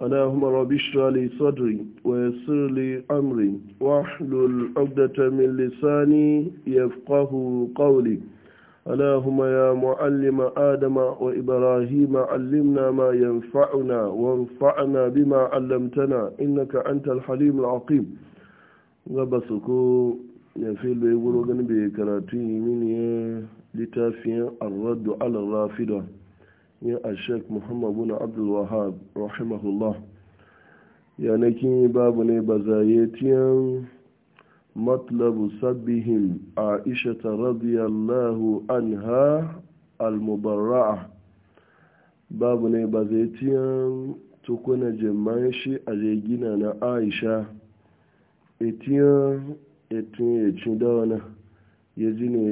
اللهم رب اشرح لي صدري ويسر لي امري واحلل عقدة من لساني يفقه قولي اللهم يا معلم آدم وإبراهيم علمنا ما ينفعنا وانفعنا بما علمتنا إنك أنت الحليم العقيم غبسكو يفيل بيقولوا جنبي كراتي من لتافيا الرد على الرافضة ya ashek muhammad bin ya wahab rahimahullah babu ne ba matlabu sabbihim aisha ta radiyallahu anha almubarra'a babu ne ba zayetiyan tukuna jaman shi a na aisha etiyan etun ya ci dawana ya ji na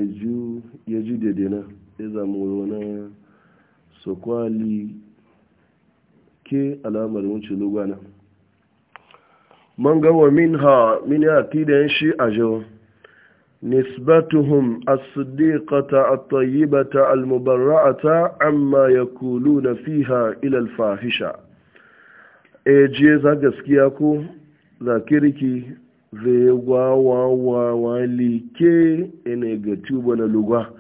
ya ji na ya zama wani so kwali ke alamar wuce lugana min ha min ya da shi a jau nisbatuhum asidikata a tayyibata tayyibata amma ya amma na fiha ilal fahisha e je za gaskiya ku? za kirki zai wali ke ene ga tubo na lugwa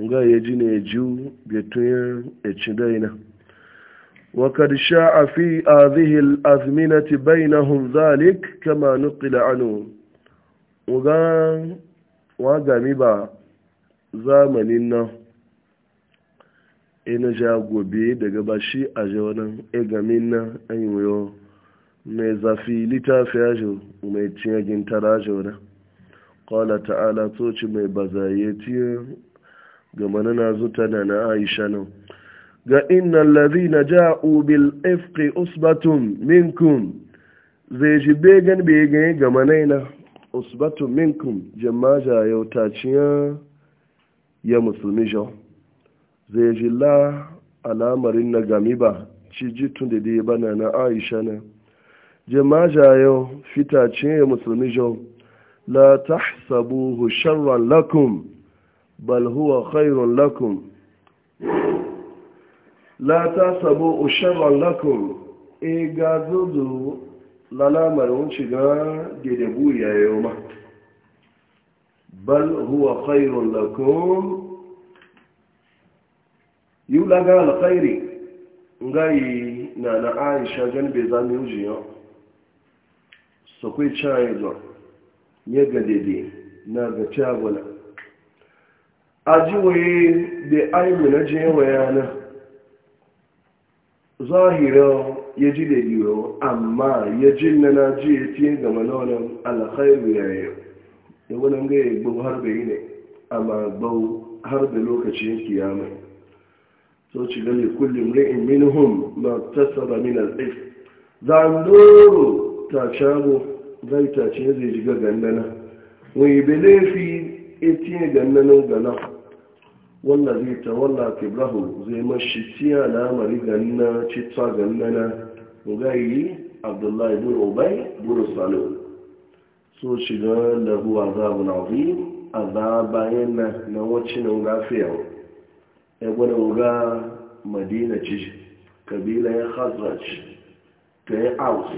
nga yeji na ejiw getuyen ecidaina wakad sha'a fi hadhihi al-azminati bainahum dhalik kama nuqila anhu uga wagami ba zamanin nan ina ja gobe daga bashi a jawanan e gamin nan an yiwo mai zafi littafi ya ji mai cinyagin tara jawanan ƙwala ta'ala toci mai bazaye game na na zuta na na aisha nan ga innan na ja'u bil ifqi usbatun minkum zai ji began began game na ina usbatun minkum jama'a yau ta ya musulmi jo? zai ji la alamarin na gami ba ci ji tun da dai bana na aisha nan jama'a yau fita ciya ya musulmi jo? la sabu sharran lakum bal huwa khairun lakum la tasabu sharran lakum e ga zuzu lalamar wuce ga dedebu yayo ma bal huwa lakum yula ga alkhairi ngai na na aisha gan be zami ujiyo so kai chai do ye ga dede na ga chabula ajiwaye da aibu na jewa yana zahira ya ji da yiwu amma ya ji na na ji ya tiye ga malonan alkhairu ya yi da wani ga ya gbau har da yi ne amma gbau har da lokacin kiyama so ci gani kullum ri'in minhum ma tasaba min al-if zandoro ta shago zai ta ce zai ji ga gandana wai belefi tiye gannanin ganan wannan zai ta wannan kibrahu zai mashi tiya na mari ganna cita ganna na gayi abdullahi bin obai buru salo so shiga na azabun azim a bayan na wacce na gafiya ya e gwada wuga madina ci kabila ya hazraj ta yi aus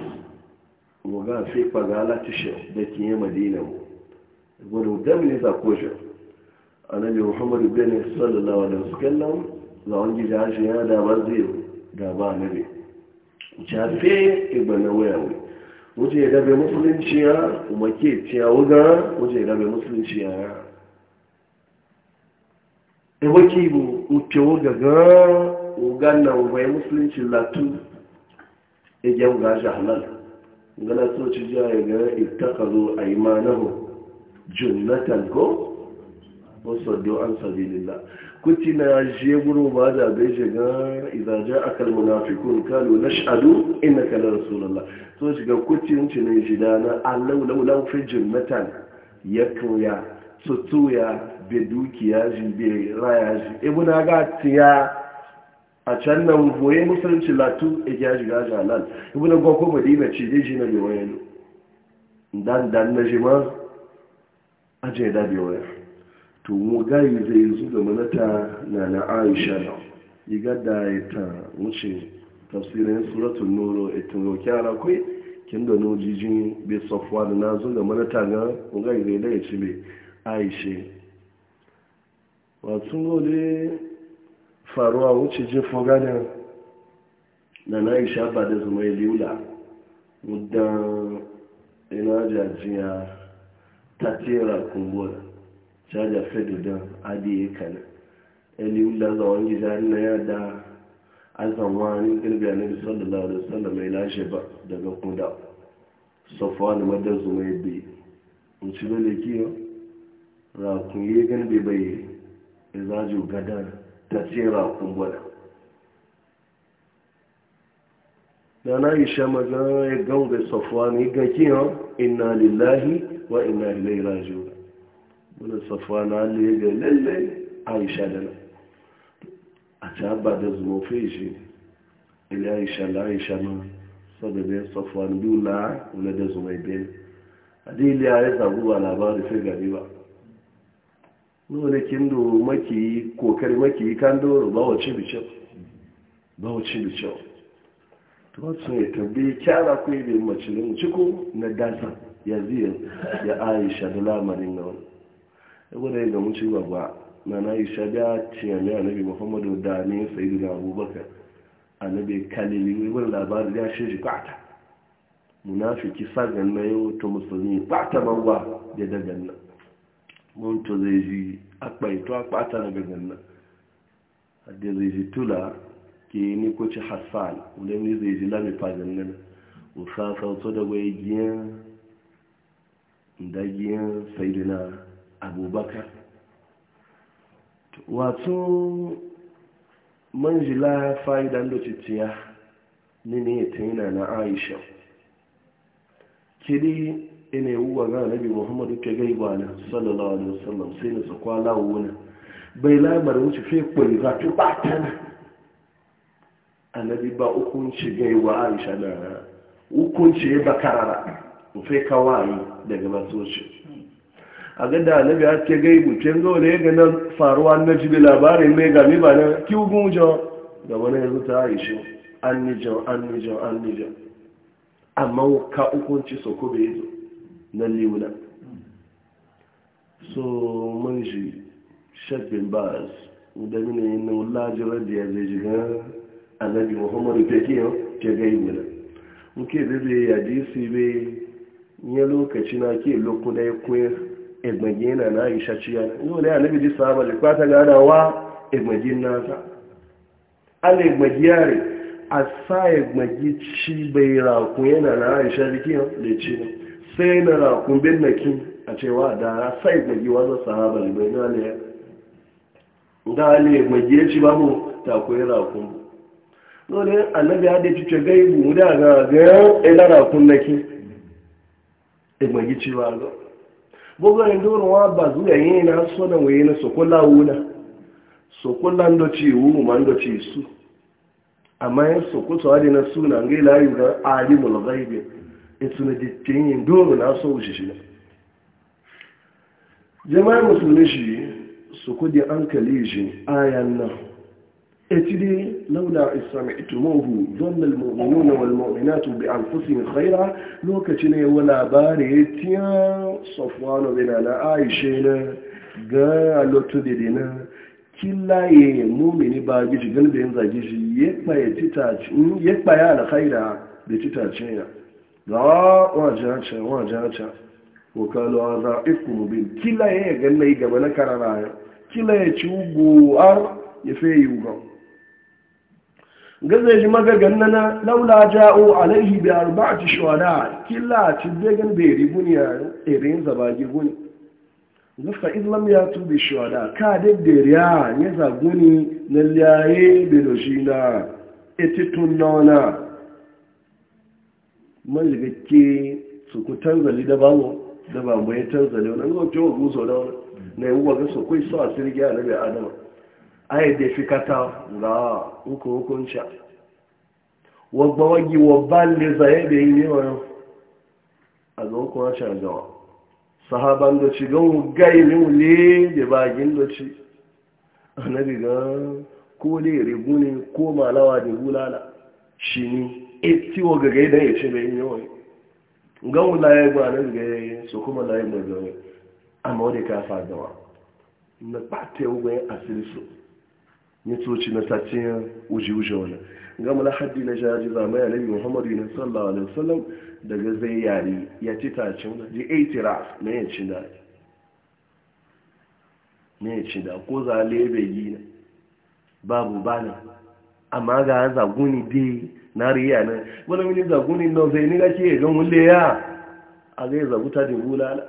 wuga fi kpagala shi da kinye madina mu e gwada wuga milita koshin annabi muhammadu ibn sallallahu alaihi wasallam za wani gida shi ya da ba zai da ba annabi jafe ibn waya wai wuce ya gabe musulunci ya kuma ke tiya wuga wuce ya gabe musulunci ya ya ebe bu uke wuga ga wugan na ya musulunci latu ege wuga shi halal gana so ci ja ya ga ittakazu aimanahu junnatan ko wasu an sabilillah kuti na je guru ba da bai shiga idan ja akal munafiqun kalu nash'adu innaka la rasulullah shiga kuti unci shida na allau law law fi jinnatan ya koya tutuya be dukiya ji be raya ji ibn aga tiya a can nan boye latu e ja ji to mu gayi zai zu ga manata na na aisha na iga da ita wuce tafsirin suratun nuru ita ro kyara kwai kin da nojijin bai safwa da na zu ga manata ga mu gayi zai da yace bai aisha wasu gole faruwa wuce jin fogana na na aisha ba da zuma liula muddan ina jajiya ta tera kumbura jaja fredo don adi kana eli wula za wani gida na yada azan wani girbi a nabi sallallahu alaihi wasallam mai lashe ba daga kuda sofa na madar zuma ya bi in ci bane kiyo rakun yi girbi bai izaju gada ta ce rakun gwada da na yi sha maza ya gauga sofa ne ga kiyo inna lillahi wa inna ilaihi raji'un wani safuwa na hali ga lalle aisha a ta ba da zumofe shi ile aisha da saboda ya na da zumai biyu a ya yi sabu sai gari ba kindo maki kokari maki kan doro ba wace bicin ba wace bicin to wasu ya kyara na dasa ya ziyar ya aisha da na saboda ya gamu ci gaba na na yi shaga ciyami annabi muhammadu da ne sayidu na abubakar annabi kalili wani labari ya shi shi kwata munafiki sagan na yau to musulmi kwata mawa da dagan nan mun to zai ji akpaito akpata na dagan nan hadda zai ji tula ke ni ko ci hassan wanda zai ji lami nan da wai abubakar wato manjila fa'idan da ne ni ne ta yana na aisha kiri ina yi wuwa ga nabi muhammadu ke gaiba na sallallahu alaihi wasallam sai na su kwana wuna bai labar wuce fi kwai za ta na annabi ba hukunci gaiwa aisha na hukunci ya e bakarara fi kawai daga masoci a ga da na biya ke gai can zo ne ga nan faruwa na jibi labarin mai gami ba na kiwugun jan da wani yanzu ta shi an nijan an nijan an nijan amma ka hukunci so ko bai zo na liwuna so mun shi shabbin su da nuna yin nan lajirar da ya zai jiga annabi muhammadu fekiyar ke gai na nke zai zai yadi su bai yi lokaci na ke lokuna ya koyar egmaji na na isha ciya yau da yana biji sahaba da kwata ganawa egmaji nasa an egmaji yare a asa egmaji ci bai rakun yana na isha jiki da ci na sai na rakun bin na kin a wa da ya sa egmaji wanda sahaba da bai na ne da ale egmaji ya ba mu ta ra koyi rakun lori annabi ya da cice gaibu da ga ga ila rakun na kin egmaji ci ba ga buga yin dole wa ba zuwa yi na so na waye na sokola wuna sokola ndo ci wu ma ndo ci su amma yin sokoto wa na suna ngai layu ga alimul ghaibi etu na dittin yin dole na so wuce shi jama'a musulmi shi su kudi an kali shi ayan nan ati dai laula isma'tumuhu dhanna almu'minuna walmu'minatu bi'anfusihim khayra lokaci ne wa labari tiya safwanu bin ala aisha ne ga lotu de dina kilaye mu'mini ba giji galbin zage shi yakpa ya titaci yakpa ya al khayra bi titaci ya da wa jacha wa jacha ko kalu hadha ikum bin kilaye ga mai gaba na karara kilaye ci ugo ar ya fe yugo gaza ji magagan nana laula ja'o alaihi bi arba'ati shuhada killa ci degan be ribuni ya irin zabagi guni zufa islam ya tu bi shuhada ka de deriya ne guni na liyaye be dojina etitun nona man jigake su ku tanzali da bawo da ba mai tanzali wannan ko wa guzo da wannan ne uwa ga so kai so asiri ga nabi adama ayi da fi kata ga uku hukunca wagba n wa zaye da yi ne wani a ga uku wancan gawa sahaban da ci gan gai ne wule da bagin da ko ne rigu da bulala shi ne eti wa ga gaida ya ce bai yi wani wula ya gba annabi ga su kuma na ɓata ya ya asiri so. mitoci na satin uji-uji wani gama Lahadi haddi na jaji zama ya nabi muhammadu yana sallallahu alaihi wasallam daga zai yari ya ci tacin da ji eitiraf na ya ci da na ya ci da ko za a lebe yi na babu bana amma ga zaguni dai na riya na wani wani zaguni na zai ni gake ga wule ya a zai zaguta da bulala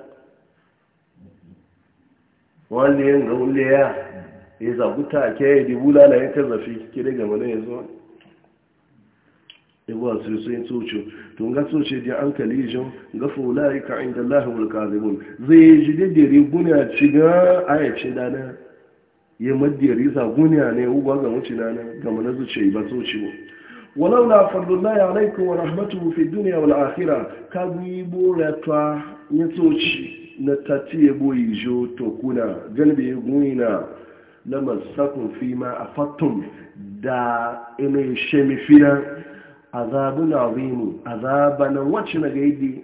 wani yin ga wule ya ya zaɓi zaguta ke ya dibu lalayen kan zafi ke daga mana ya zuwa yawa su sun tsoci tun ga tsoci da an kalijin ga fula ya ka inda lahi mulkazibun zai yi ji da riguna ci ga ayyace dana ya risa guniya ne ugwa ga wuce dana ga mana zuce ba tsoci ba ولولا فضل الله عليكم ورحمته في الدنيا والآخرة كذبوا رتوا نتوشي نتاتي بويجو توكونا جنبي غوينا lamassakun fi ma a fattun da ina shemi fina azabun azimu azabanan wacce na gaidi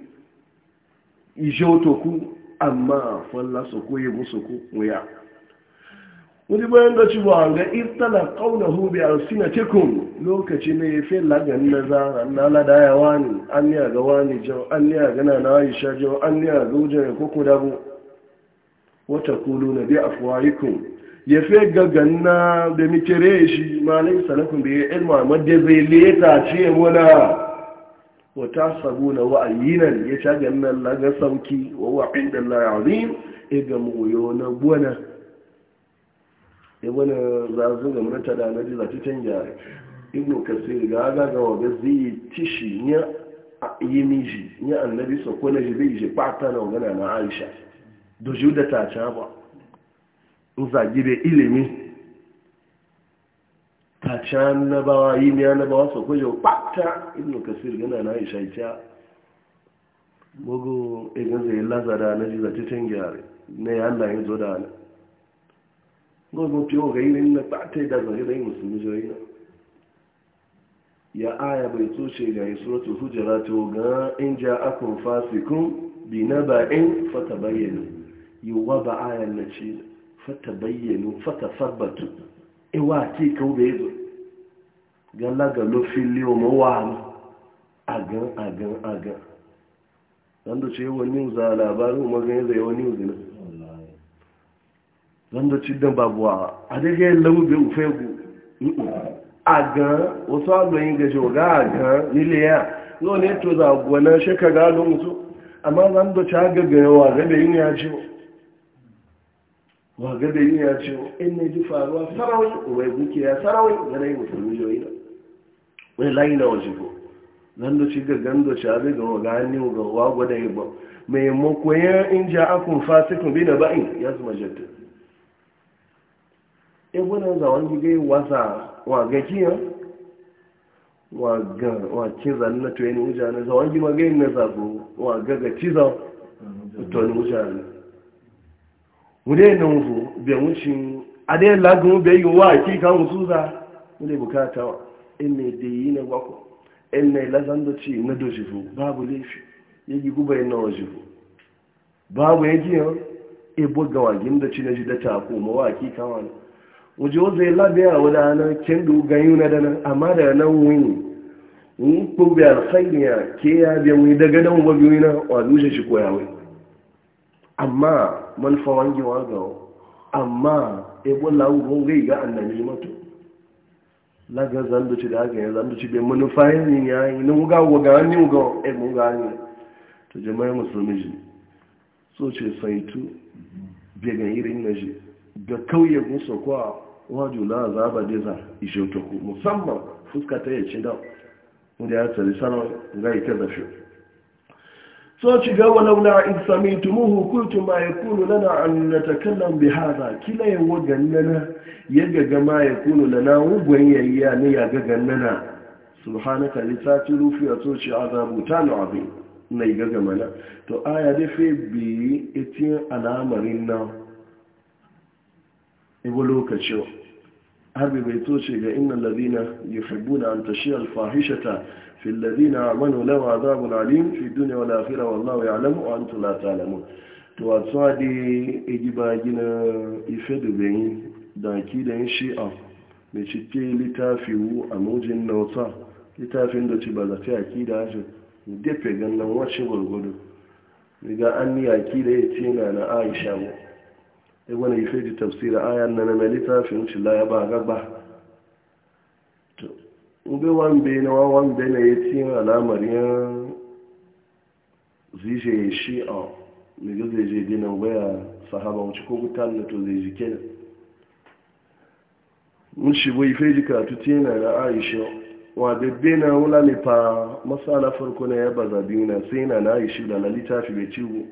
ijotoku amma fallasu ko yi musu ku wani bayan da cewa ga irtala kauna hobi a sinatikun lokaci ne fi lagan na zara na ya wani an a ga wani jau an a gana na aisha jau an a ga wujen ya kuku wata kulu na bi afuwa yikun ya fi gaganna da mikire shi malai salafin da ya ilmu amma da zai leta ce muna wata sabu na ya sha laga sauki wa wa'in da la'azim na buwana ya wani zazu ga da na ga ga yi miji ya annabi shi zai na aisha da nzagide ilimi ta ci annabawa yi ne annabawa su kuje ɓata ibn kasir gana na isha ita bugu idan zai lazada na jiza titin gyare na ya Allah ya zo da ana gogo fiye ga yi na ɓata da zai da yi musulmi joyi na ya aya bai toce ga yi suratul hujjaratu ga in ja akun fasikun bi na ba'in fata bayyana yi wa ba ayan na ci fata bayyano fata sabbatu iwa ke kawo da yazo gala ga lofin liyo mawani agan agan agan zanda ce yawan news a labarin magan yaza yawan news na zanda ci dan babu a adaga yin lamube ufegu agan wasu agbayin gaji waga agan niliya yau ne to za a gwanar shekara don mutu amma zanda ci agaga yawa rabe yin ya ce wanga da yi ya ce in ne ji faruwa sarawai ubai buke ya sarawai gane yi musulmi yoyi na wani layi na waje ko nan da ci ga gando ci abin ga waga hannu ga wago da yabba mai makoyan in ji akun fasikun bi da ba'in ya zama jatta ya gwana wani gai wasa waga kiyan wa kiza na tuweni wujane zawon gima gai na zafo waga ga ciza tuweni wujane wule na wufu bai wucin adai lagun bai yi wa ki kan wusu za wule bukata wa in da yi na gwakwa in ne lazan da na dojifu babu laifi ya yi guba yana wajifu babu ya giyan ebo ga wagin da ci na ji da ta koma wa ki kan wani wuje wanda ya labe a wada na kendo ganyu na dana amma da na wini in ko bi alkhaiya ke ya bi wani daga nan wa bi wani wa duje shi koyawai amma manufa wangewa ga amma ebo lawuron rai ga annabi mato laga zanduci da aka yi zanduci bai manufa yin ya yi ni wuga waga hannu wuga ebo wuga ni to jama'a musulmi ji so ce saitu bai ga irin na ji da kauye gusa kwa waju na zaba da za ishe musamman fuska ta yace da wanda ya tsari sanar ga ita zafi so ci ga walau na a isami tumuhu kultu ma ya kunu lana an na takallan bi kila yin wa ya gaga ma ya kunu lana wugwan yayya ne ya ga gannana subhanaka lisati rufi a so ci azabu ta na abu na yi gaga mana to aya da fe bi itin al'amarin na ibo lokacin harbi bai toce ga innan ladina yuhibbuna an antashiyar alfahishata fil ladina amanu lawa azabun alim fi dunya wal akhirah ya ya'lamu wa antum la ta'lamun to yi ba gina ife da bayin da ki da shi'a mai cike littafi wu a mojin nauta littafin da ci ba za ta da akida shi dafe gannan wacce gwargwado daga an ni da ya ce na na aisha mu ya wani yi feji tafsira ayan na na littafin shi la ya ba gaba to ube wambe na wambe na ya ci alamar yan zije shi a mai ga zai je dina waya sahaba wuce ko gutan na to zai ji kenan mun shi bai feji karatu tiyana na aisha wa bebe na wula ne fa masala farko na ya baza biyu na sai na na aisha da na littafi bai ciwo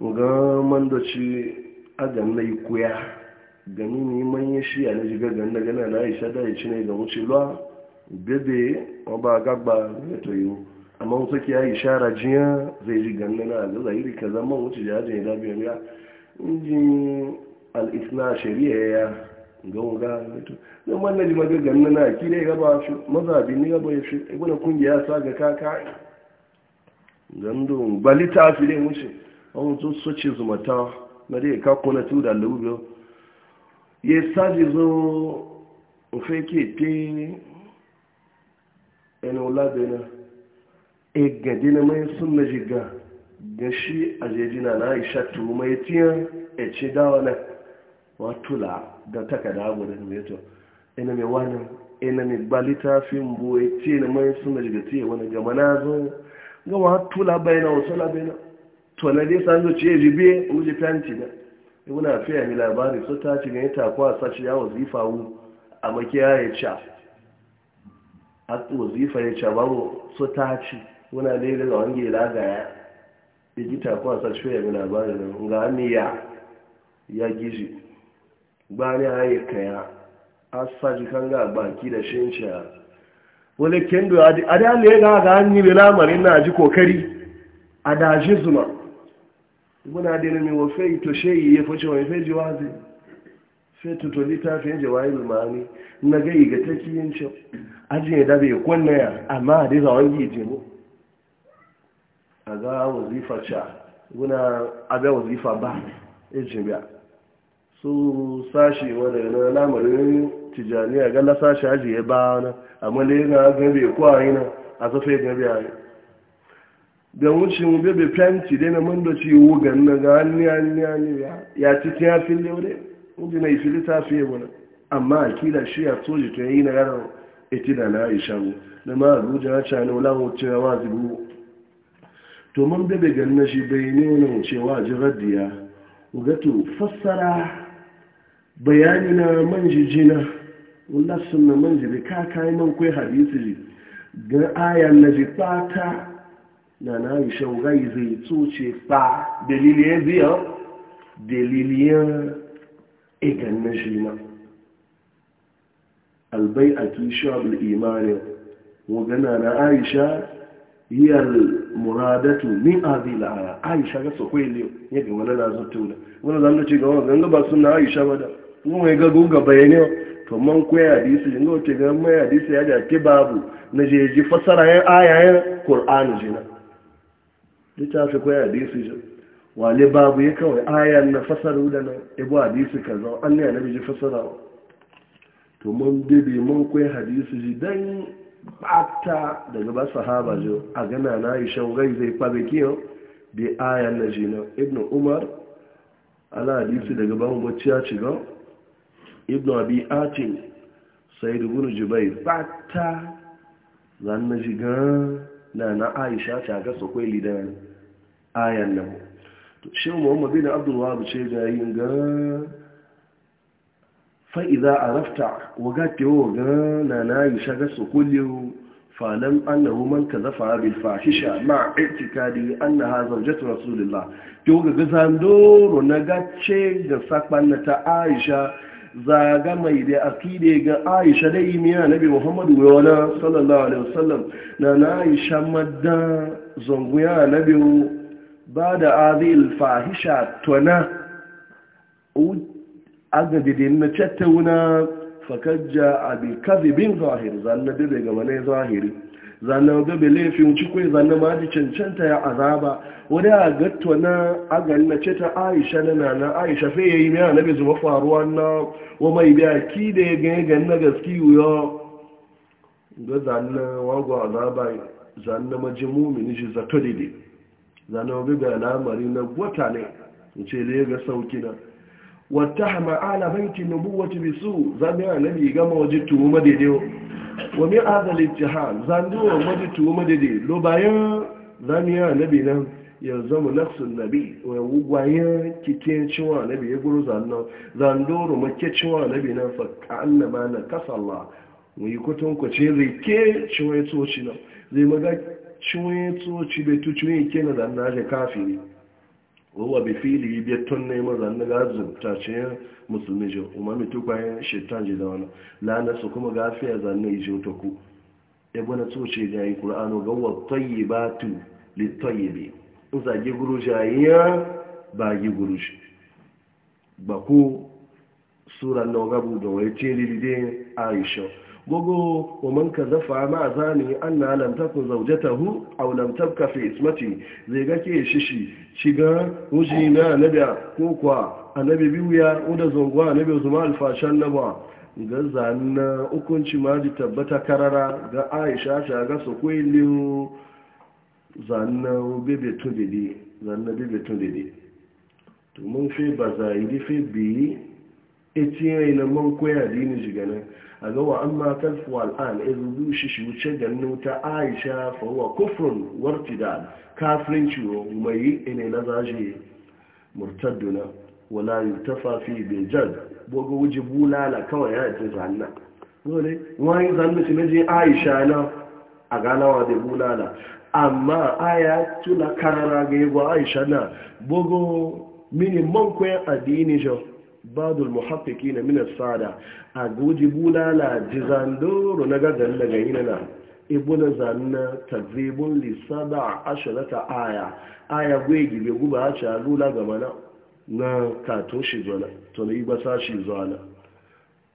ga mandoci agan na yi kuya gani ne manyan shiya na jiga gan gana na aisha da ya ci ne ga wuce lwa bebe ma ba gagba ya to yi amma wasu ki aisha rajiya zai ji gan na ga zahiri ka zama wuce jajin ya biyan ya injin al'isna shari'a ya ga wuga ya to na man na ji maga gan na ki ne gaba shi mazabi ne gaba ya shi ibuna kungiya sa ga kaka gandun balita fi ne wuce an tun soce zumata na dai ka kuna tu da lubiyo ya saji zo ofe ke te eno na e gadi na mai sun na jiga ga shi a jejina na aisha tu mai tiyan e ce dawa na watula da takada abu da numeto ina mai wani ina mai balita fi mbu e ce na mai sun na jiga te wani gama na zo gama hatula na, wasu na. to na dai san zuci ya jibe wuli fenti na ibuna fiya mi labari su ta ci gani ta kwa sashi ya wazifa wu a makiya ya ca a wazifa ya ca babu su ta ci wuna daidai ga wange lagaya ya ji ta kwa sashi fiya mi labari na ga ni ya ya gizi ba ni a yi kaya a saji kan ga baki da shinciya wani kendo a da ne ga ga hanyi lamarin na ji kokari a daji zuma muna dele mi wo fe ito she yi fo che wo fe wazi fe to to lita fe je wa ilu mani na ga yi ga taki yin cho aji ne da be kwanna ya amma dai za wani ji mu aga wazifa cha muna abe wazifa ba eji biya so sashi wanda na lamarin tijaniya aga la sashi aji ya ba na amma le na ga be kwa na a zafe ga biya da wucin bebe fenti dai na manda ci wugan na ga hannu hannu hannu ya cikin ya fi leure wuje na isi littafi ya wani amma a kila shi ya soji ta yi na yaran eti da na aisha mu na ma abuja ya ci hannu lamu ya wazi bu to mun bebe ganna shi bai ne wani cewa ji raddiya to fassara bayani na man jijina wallah sunna man jibi ka kai man kai hadisi ga ayan na ji fata na na aisha ugai zai tsoce ba dalilin biya dalilin igan na shi na albai a kishabul imanin wagana na aisha hiyar muradatu min azila aya aisha ga su kwele ya yadda wani na zartu da wani zan ce ga wani ganga ba suna aisha ba da kuma mai ga gunga bayani to man koya hadisi ne ga wace ga mai hadisi ya da ke babu na je ji fasara yan ayayen qur'ani jina littafi ko hadisi ji wale babu ya kawai ayan na fasaru da na ibu hadisi kaza an ne annabi ji fasara to mun bibi mun koyi hadisi ji dan bata daga ba sahaba ji a gana na yi shangai zai fabe kiyo bi ayan na jina ibnu umar ala hadisi daga ba mu bacci ya ci ga ibnu abi atim sayyid ibn jubayr bata zan na ji na na aisha ta ga su kwai lidan ayan nan to shi muhammad bin abdul wahab ce ga yin ga fa idza arafta waga te ga na na aisha ga su fa lam annahu man kazafa bil fahisha ma i'tikadi annaha zawjatu rasulillah to ga ro na gace ga sakpan ta aisha zaga mai da akide ga aisha da imiya nabi muhammadu wa wani sallallahu alaihi wasallam na na aisha madda zanguya nabi ba da azil fahisha tona gajidin na cattauna fakajja abi kazi bin zahiri dire ga wani zahiri zanen gabe laifin cikin zanen ji cancanta ya azaba wani a gatto na agallace ta aisha na nana aisha fe ya yi mai anabi zuwa faruwa na wa mai biya ki da ya ganye gani na gaski yiwuwa ga zanen wago azaba zanen maji mumini shi zato dide zanen wabi ga lamari na gwata ne ce da ya ga sauki na wata hama ala baiti nubuwa ta bisu zanen anabi gama waje tuhu madaidaiwa wa min hadal ittihal zandu wa majitu madade lo bayan ya nabi nan ya zama nafsun nabi wa gwaye kike cewa nabi ya guru zandu wa make cewa nabi nan fa ka'anna ma na kasala mu yi kutun ku ce zai ke cewa ya tsoci nan zai maga cewa ya tsoci bai tuci ne ke na zanna je kafiri wa bi fili bi tun ne mun ran ga zubta ce musulmi jo umma mi to bayan ji da kuma gafiya zanne ji to ku e bona so ce ga yi qur'ano ga wa tayyibatu li tayyibi in za ji guru jayya ba ji guru shi ba ku sura no gabu da wai ce gogo wa man ka zafa ma zani an na lamtakun zaujatahu a lamtabka fi ismati zai ga ke shishi shiga wuji na anabiya ko kwa annabi biwuya wadda zongwa annabi zuma alfashan na ba ga zanna hukunci ma ji tabbata karara ga aisha ta ga su kwai liyu bebe tun zanna bebe tun dede to mun fi ba zaidi fi biyi etiyan na man koya dini shiga na. a ga wa amma kalfu al'an irin zushi shi wuce ganin ta aisha fawa kufrun wartida kafirin ciwo mai ina na zaje murtadduna wala yutafa ta bil jad bogo wuji bulala kawai ya ji zanna Wani wani zanna shi je aisha na a galawa da bulala amma aya tula karara ga yego aisha na bogo mini man koyan addini jo badul muhakkiki na minas sada a goji bulala jizandoro na gagar daga yi na ibuna zanna tazibun lissaba ashirata aya aya gwegi bai guba a ci alula ga mana na kato shi zuwa to na igba sashi zuwa na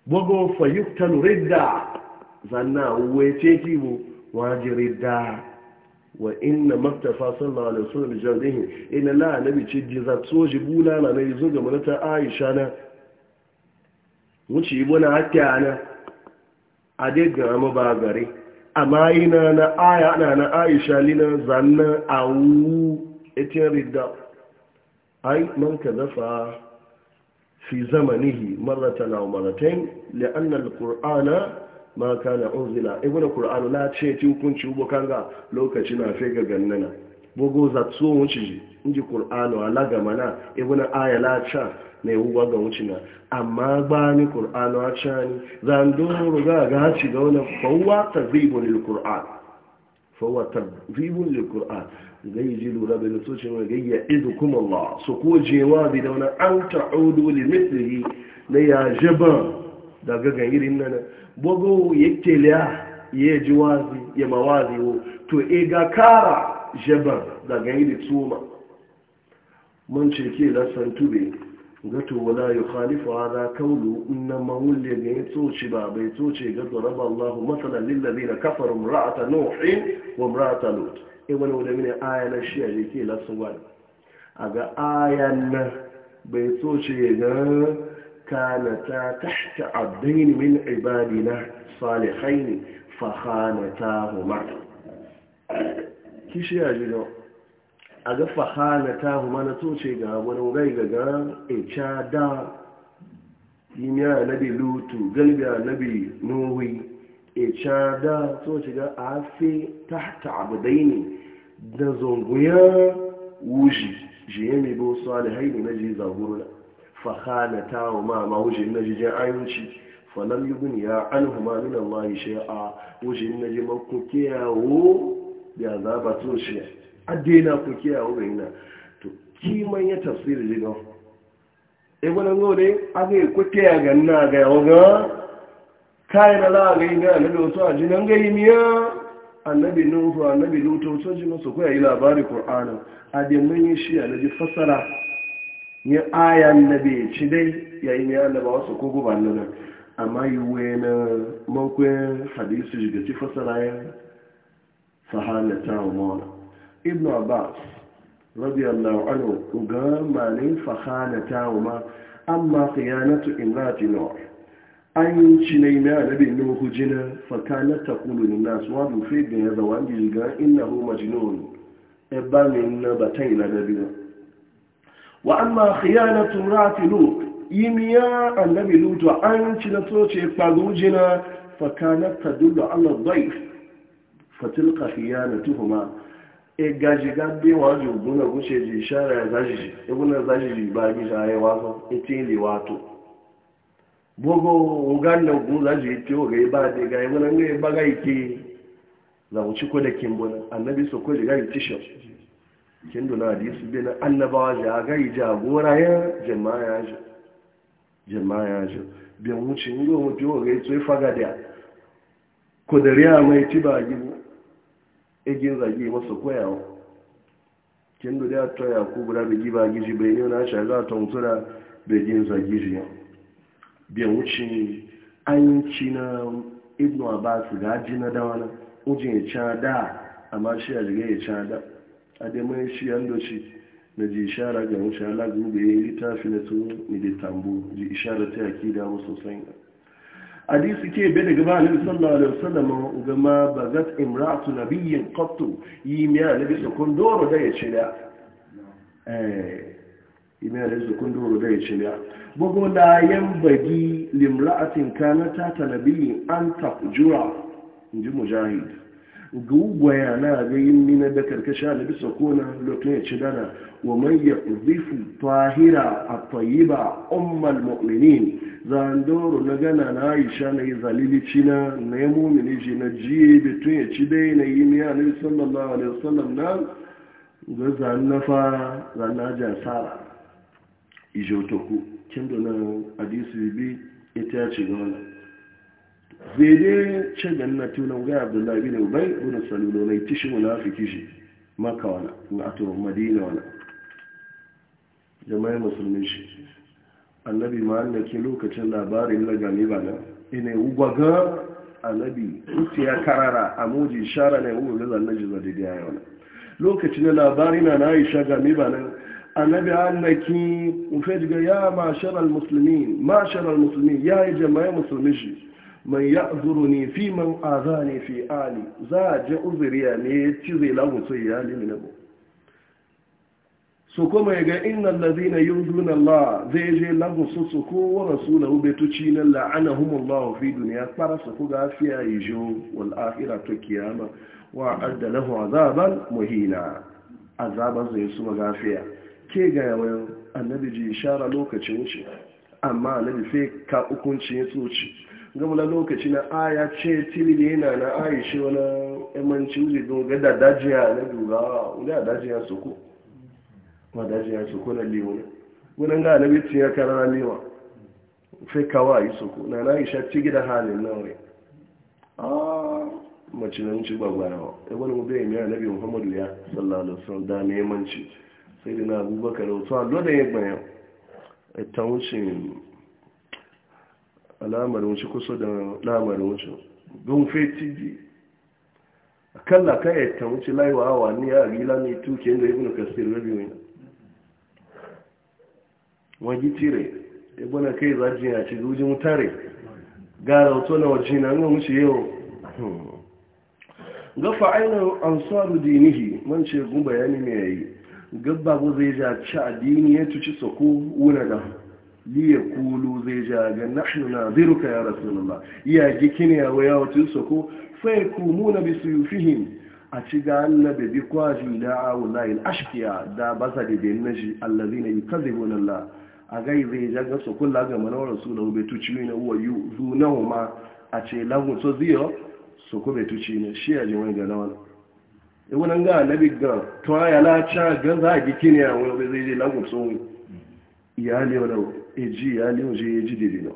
bugu fayyuktan ridda zanna wuwe ce kibu waje ridda wa inna maktafa sallallahu alaihi wasallam jardihi inna la nabi ci jiza soji bula na nabi zo ga mulata aisha na muci ibona hatta na ade ga mu ba gare amma ina na aya na na aisha lina zanna awu etin ridda ai man kadafa fi zamanihi marratan aw marratayn li anna al-qur'ana ma kana unzila e, ibn qur'an la ce ti hukunci ubo kanga lokaci na fe ga gannana bogo za tso wuce ji inji qur'an ala ga mana e, ibn aya la cha ne ubo ga wuce na amma ba ni qur'anu wa cha ni zanduru duru ga ga ci ga wannan fawwa tazibul lil qur'an fawwa tazibul lil qur'an zai ji lura da nasocin wa gayya idukum allah su ko jewa bi da wannan an ta'udu li mithlihi na ya jaban daga ga irin nan bogo yektelea ye jiwazi ya mawazi wo to e ga kara jabar daga yi da tsoma Mun ce ke da santube ga to wala yi khalifu hada kaulu na mawulle ga yi tsoci ba bai tsoce ga zaraba allahu matsalan lillazi na kafar murata nufin wa murata lut e wani wadda mini aya na shi a ke lasu wani a ga aya na bai tsoce ga كانتا تحت عبدين من عبادنا صالحين فخانتاهما kishi ya ji yau a ga fahana ta huma na toce ga wani gai gaga echa da yimiya nabi lutu galibiya nabi nuhi echa da toce ga afe tahta abudai ne da zunguya wuji je yami bo salihai ne na ji zagurula fahanata wa ma ma wuce na jijin ayyunci falam yi gun an huma nuna ma yi a. wuce na ji ma ku kiyawo ya zaba tun shi adena ku kiyawo ga ina? to kiman ya tafsiri E, ebe na ngode aga yi ku kiya ga na ga yawo ga kayan a ga ina ga annabi wasu a jinan ga yi miya annabi nufu annabi lutu sun ji masu kwaya yi labari kur'ana a demin yi shi a na ji fassara ya ayan na bai ci dai yayin ya ba wasu ko guban nan amma yiwuwa na mankwai hadisu shiga ci fasara ya sahalata wa mawana ibn abbas radiyallahu anhu ga malin fahalata ta umar amma khiyanatu imrati nawar an yi ci na ime a nabi nuhu ta kulu ni nasu wa bufe da ya zawa ga inna hu majnun ebe min na batai na nabi wa amma khiyanatu rati lut yimiya annabi lut wa an ci na toce kpagun jina fa kanat tadullu ala dhayf fa tilka khiyanatuhuma e gaji gabe wa ju buna guce ji shara ya zaji e buna zaji ji ba gi shaye wa so e tili wato bogo uganda gun zaji ti o ga ba de ga e buna ngai baga ike za uchi ko da kimbona annabi so ko ga itisho kin duna hadisi bi na annabawa ja ga jagora ya jama'a ji jama'a ji bi mu ci ni mu ti o ga tsoyi faga da ko da riya mai ti ba gibu e gin zagi masa koyawa kin do da to ya ku bura bi giba giji bai ne na shaga to mutura bai gin zagi ji bi mu ci an ci na ibnu abbas ga ji na dawana ujin cha da amma shi ya ga ya cha da ademai shi an doci na ji ishara ga wuce alagun da ya yi littafi na tun ne da tambu ji ishara ta yaki da mu sosai hadisi ke bai daga ba alaihi sallallahu alaihi wasallam ga ma bagat imra'atu nabiyyin qattu yi mi alaihi sokon doro da ya ce da eh yi mi alaihi sokon doro da ya ce da bugu la yan bagi limra'atin kana ta nabiyyin an tafjura inji mujahid gugwaya na gayin mina da karkashi a labisa kona lokacin ya ci dana wa mai ya zifu fahira a tayyiba ummal mu'minin zandoro na gana na aisha na yi zalilici na na yi mumini ji na jiye da ya ci dai na yi miya na sallallahu alaihi wasallam na ga zan na fara zan na ja sara ijotoku kin da na hadisi bi ita ya ci ga wannan zede ce da na tunan ga abdullahi bai ubai bin salulo na itishi munafiki shi maka wala wato madina wana jama'ai musulmi shi annabi ma ke lokacin labarin na gami ba nan ina gwaga annabi mutu ya karara a moji shara na yi gaza na jiza da a yawon lokacin da labarin na na sha gami ba na annabi na ufe jiga ya ma sharar musulmi ma sharar musulmi ya yi jama'ai musulmi shi man ya zuru ne fi man aza ne fi ali za a je uzuriya ne ya ci zai lagun ya na bu su kuma ya ga inna lazina yin zuna Allah zai je lagun su su ko wa rasulahu tuci na la'ana humullahu fi duniya fara su ku gafiya yi jo wal ta kiyama wa adda azaban muhina azaban zai su magafiya ke ga yawon annabi ji shara lokacin wuce amma annabi sai ka hukunci ya tsoci gamla lokaci na a ya ce tilili yana na aisha wani yamanci wuri don ga da dajiya na dugawa da dajiya su ma dajiya su na lewa wani ga na bitin ya kara lewa fe kawa yi su na na aisha ci gida halin nan wai a mace nan ci gwagwarawa e, ya wani mu bai miya nabi muhammadu ya sallallahu alaihi wasallam da na yamanci sai da na abubakar wasu a lodin ya gbaya e, ta al'amarin shi kusa da lamarin wucin don feti ji akalla ka yi ta wuce laiwa awa ni a rila mai tuke da ibn kasir rabi wani wani tire ibn kai zaji ya ci zuji mutare gara wato na waje na nan wuce yau gafa ainihin ansaru dinihi man ce gun bayani mai yayi gabba zai ja ci addini ya tuci sako wuna da liyakulu kulu zai ja ga nahnu naziruka ya rasulullah iya gikini ya waya wata soko fa yakumuna bi suyufihim a ci ga Allah da bi kwaji da awulai al-ashqiya da basa da bin naji allazina yukazibuna Allah a gai zai ja ga soko la ga manawar rasulullah bai tuci ne wa yuzunahuma a ce lagun so ziyo soko bai tuci ne shi ya ji wani ga lawan e wannan ga nabi ga to ya la cha ga za gikini ya wani zai je lahu so iyali wala eji ya liyan shi ya ji diri na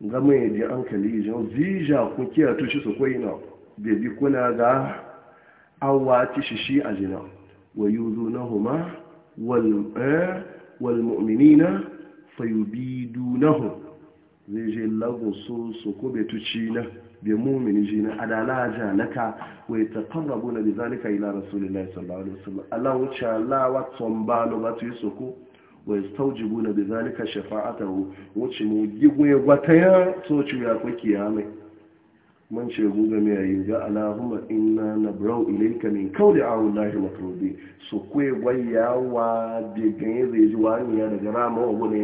gama ya ji hankali ijin zija kun atu shi su kwai na bebi kuna ga awa ti shi shi a wa yi zu na huma wal eh, mu'minina fayubidu na hu zai je so su ko bai tuci na bai mumini ji na adala janaka wai ta yataqarrabuna bi zalika ila rasulillahi sallallahu alaihi wasallam Allah wuce Allah wa tsomba lo ba tu yi soko wa yastawjibuna bi zalika shafa'atahu wuce mu gigwe gwataya so ci ya kwaki ya mai man ce guga mai yayi ga alahuma inna nabrau ilayka min qawli a'ullahi matrubi so kwe gwayawa bi ganye zai ji wani ya daga rama wa gune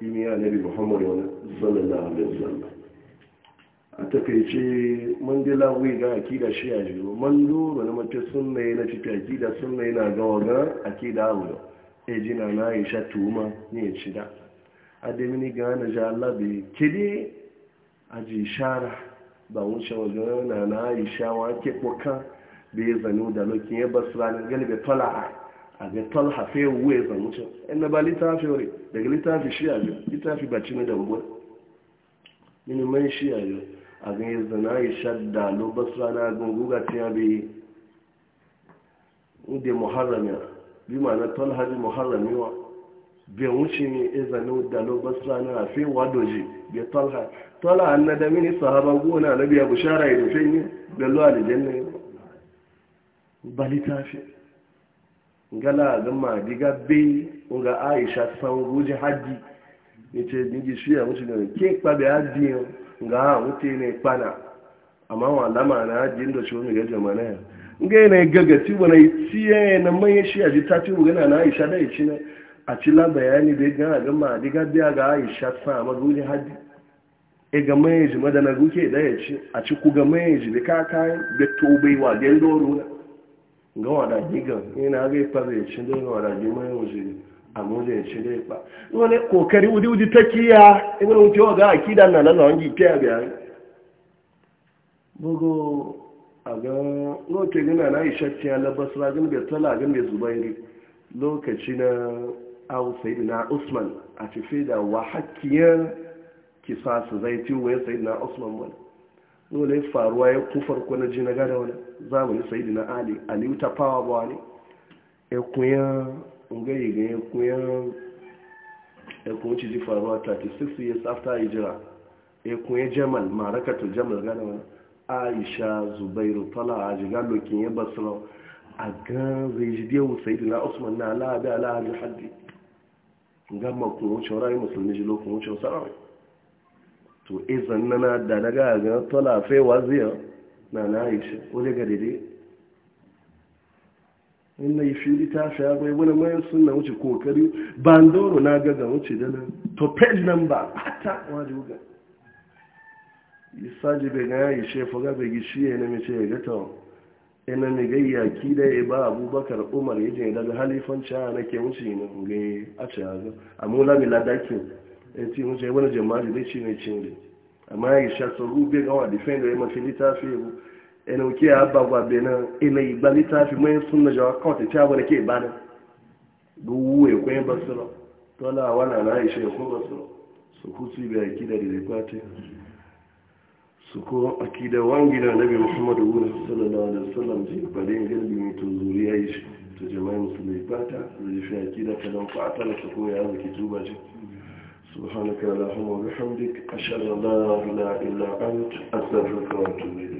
ya nabi muhammad a takaice man dila ga akida shi a jiro man doro na mace na fita akida sunna na gawa ga akida aure ejina jina na aisha tuma ne ya ci da ademini ga na ja labi a ji shara ba wuce wajen na na aisha wa ke koka bai zanu da lokin ya basra ne galibe tola a ga tol hafe wuwe zanu ce in ba littafi wuri daga littafi shi yau littafi ba cini da ubuwa mini man shi yau a ga ya zana aisha da lo na gunguga ta yabe bi ma'ana talhaji muharrami wa bi wuce ne izanu da lobasra na fi wadoji bi talha talha na da mini sahaba gona na biya bushara ya dafe ne da luwa da janna ya ba littafi gala ga ma diga bai ga aisha san guji haji ya ce niji ya wuce ne ke kwabe haji ga wuce ne kwana amma wa lama na haji inda shi wani ga jama'a nga na gagasi wani tiye na manye shi a jita ti wugana na aisha da ichi na a ci la bayani da na ga ma diga biya ga aisha sa ma guli hadi e ga manye ji madana guke da ya ci a ci ku ga manye ji da ka kayan da tobai e wa den doro na ga wada giga ina ga ipa da ya ci da wada gi manye a ya ci da ipa wani kokari ga na lalawan gi biya a ga lokaci gina na ishakci ya labasra gina bai tala gina bai zubairi lokaci na awu na usman a tafi da wa hakkiyar kisa su zai ci wayan sayidina usman wani dole faruwa ya ku farko na jina gada wani zamani na ali aliyu ta fawa ba wani ya e kunya ungayi ga ya kuya ya kuma ci ji faruwa 36 years after hijira ya e kuya jamal marakatul jamal gada wani aisha zubairu tala a jiga lokin ya basra a gan zai ji dewu sai dina usman na ala bi ala hajji haddi gama kun wucin rayu musulmi ji lokun wucin sarari to izan e nana da gaya gan tala fai waziya na na aisha wani ga daidai in na yi fili ta fi abai wani mayan suna wuce kokari bandoro na gaga wuce da nan to page number hata wajen wuga isaji bai ga yayi shefu ga bai gishi ya nemi ce ga e ta ina mi ga yaki da ya ba abubakar umar ya je daga halifan cha na ke wuce ne ga a ce ga amula mi ladakin e ti wuce wani jama'a da shi ne cin ne amma ya sha so rube ga wa defender ya mafi litafi ina ke abba ba bena ina iba litafi mai sunna jawa kawai ta ba ke ibada ga wuwe e ko yan basira to la wala na ya shefu basira su kusi bai yaki da rikwati su ko akida na nabi muhammad wuri sallallahu alaihi wasallam ji balin galbi mai to zuriya yi shi to jama'i musulmi fata da ji fi akida ka don fata da su koya ya zaki tuba ji subhanaka allahumma wa bihamdik ashhadu an la ilaha illa anta astaghfiruka wa atubu